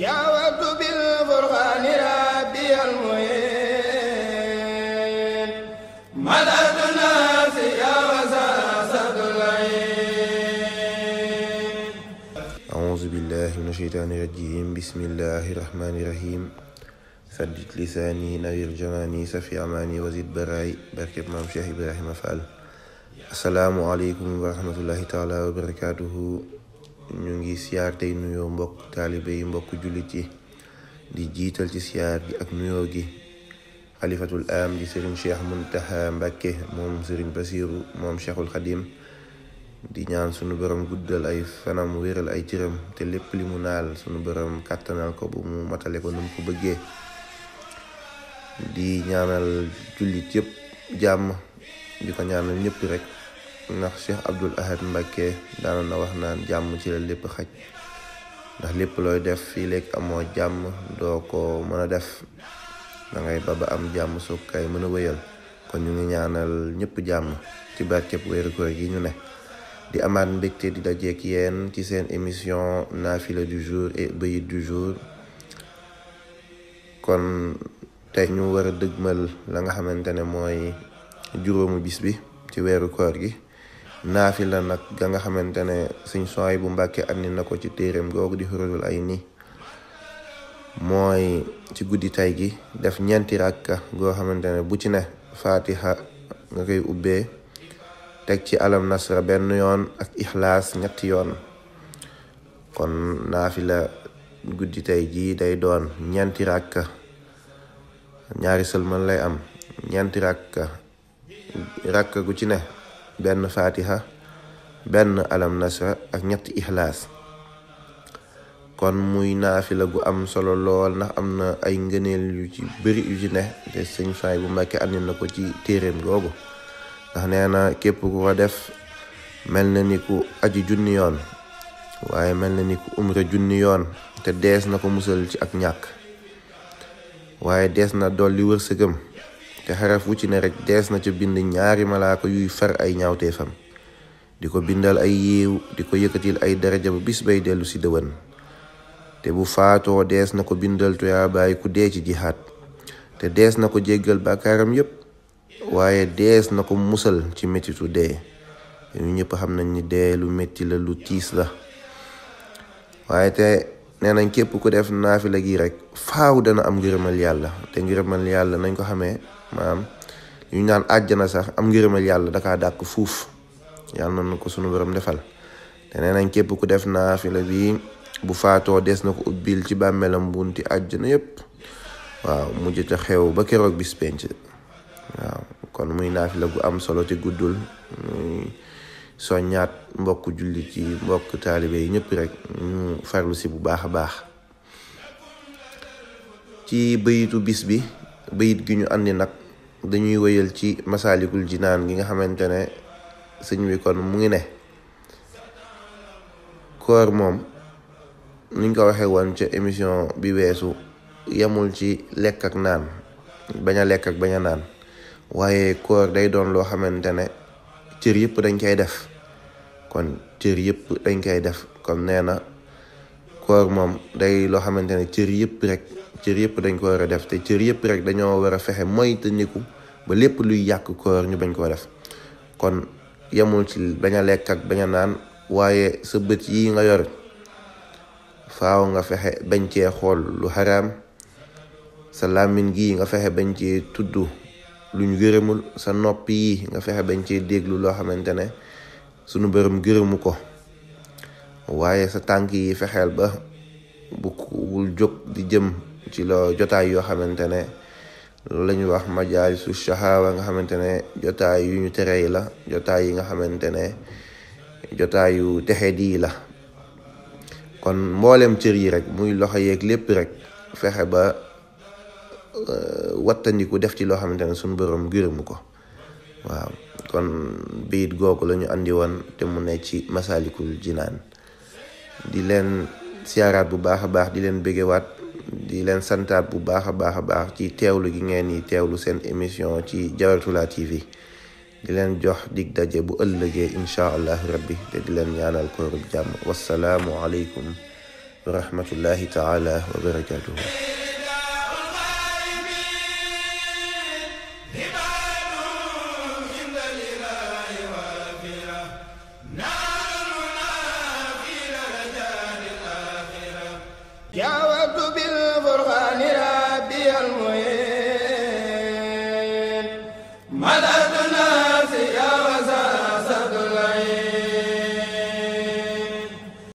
يا وقت بالفرقان ربي المعين مدد الناس يا وساسة العين أعوذ بالله من الشيطان الرجيم بسم الله الرحمن الرحيم سدد لساني نوير جماني سفي أماني وزيد براي بركب مام شيخ إبراهيم فعل السلام عليكم ورحمة الله تعالى وبركاته ñu ngi siyaar tey nuyoo mbokk taalibe yi mbokk jullit yi di jiital ci siyaar gi ak nuyoo gi xalifatul am di sëriñ cheikh muntaxa mbàkke moom sëriñ basiru moom cheikhul xadim di ñaan sunu borom guddal ay fanam wéral ay cëram te lépp li mu naal sunu borom kàttanal ko bu mu matale ko nu ko bëggee di ñaanal jullit yëpp jàmm di ko ñaanal ñëpp rek ndax Cheikh Abdoul Ahad Mbacké daanoon na wax naan jàmm ci la lépp xaj ndax lépp looy def fii léeg amoo jàmm doo ko mën a def da ngay ba am jàmm soog kay mën a wéyal kon ñu ngi ñaanal ñëpp jàmm ci barkeb weeru koor gi ñu ne di amaat mbégte di dajeek yéen ci seen émission naafila du jour et bayit du jour kon tey ñu war a dëgmal la nga xamante ne mooy juróomu bis bi ci weeru koor gi naafila nag ga nga xamante ne sëñ sooy bu mbàkke andi na ko ci téeréem googu di xurudul ay ni mooy ci guddi tay gi def ñeenti ràkka goo xamante ne bu ci ne fatiha nga koy ubbee teg ci alam nasra benn yoon ak ixlaas ñetti yoon kon naafila guddi tay jii day doon ñeenti ràkka ñaari sëlman lay am ñeenti ràkka ràkka gu ci ne benn fatiha benn alam nasra ak ñett ixlaas kon muy naafila gu am solo lool ndax am na ay ngëneel yu ci bëri yu ci ne te sëñ faay bu Mbàkke andi na ko ci téeréem googu ndax nee na képp ku ko def mel na ni ku aji junni yoon waaye mel na ni ku umra junni yoon te dees na ko musal ci ak ñàkk waaye dees na dolli wërsëgam te xaraf wu ci ne rek dees na ca bind ñaari malaaka yuy far ay ñaawteefam di ko bindal ay yiiw di ko yëkkatil ay daraja bu bis bay dellu si dëwan te bu faatoo dees na ko bindal tuyaabaay ku dee ci jihaat te dees na ko jéggal bàkkaaram yépp waaye dees na ko musal ci mettitu dee ñu ñëpp xam nañ ni dee lu metti la lu tiis la waaye te nee nañ képp ku def naafila gi rek faaw dana am ngërëmal yàlla te ngërëmal yàlla nañ ko xamee maanaam ñu naan àjjana sax am ngërëmal yàlla dakaa dàq fuuf yàlla na ko sunu borom defal te nee nañ képp ku def naafila bi bu faatoo des na ko ubbil ci bàmmeelam bunti àjjana yépp waaw mujj ca xew ba keroog bis penc waaw kon muy naafila gu am solo te guddul muy soññaat mbokk jullit yi mbokk taalibe yi ñëpp rek ñu farlu si bu baax a baax ci bëyitu bis bi bëyit gi ñu andi nag dañuy wëyal ci masaalikul naan gi nga xamante ne sëñ bi kon mu ngi ne koor moom nuñ ko waxewoon ca émission bi weesu yemul ci lekk ak naan bañ a lekk ak bañ a naan waaye koor day doon loo xamante ne cër yëpp dañ koy def kon cër yëpp dañ koy def kon nee na koor moom day loo xamante ne cër yëpp rek cër yëpp dañ ko war a def te cër yëpp rek dañoo war a fexe mooy tëndiku ba lépp luy yàq koor ñu bañ koo def kon yemul ci bañ a lekk ak bañ a naan waaye sa bët yi nga yor faw nga fexe bañ cee xool lu xaraam sa làmmiñ gi nga fexe bañ cee tudd luñ gërëmul sa nopp yi nga fexe bañ cee déglu loo xamante ne sunu bërëm gërëmu ko waaye sa tànk yi fexeel ba bu bul jóg di jëm ci loo jotaay yoo xamante ne loolu la ñuy wax majaalisu shahawa nga xamante ne jotaay yu ñu tere yi la jotaay yi nga xamante ne jotaayu texe di la kon mboolem cër yi rek muy loxo yeeg lépp rek fexe ba Euh, wattandiku def ci loo xamante ne suñu borom gërëmu ko waaw kon biit googu lañu àndi woon te mu ne ci masalikul jinaan di leen siyaaraat bu baax a baax di leen bégewaat di leen santaat bu baax a baax a baax ci teewlu gi ngeen di teewlu seen émission ci Diawartoulah TV di leen jox dig daje bu ëllëgee incha allahu rabbi te di leen ñaanal koorub jàmm wassalaamu aleykum wa rahmatullahi taala wa barakatuhu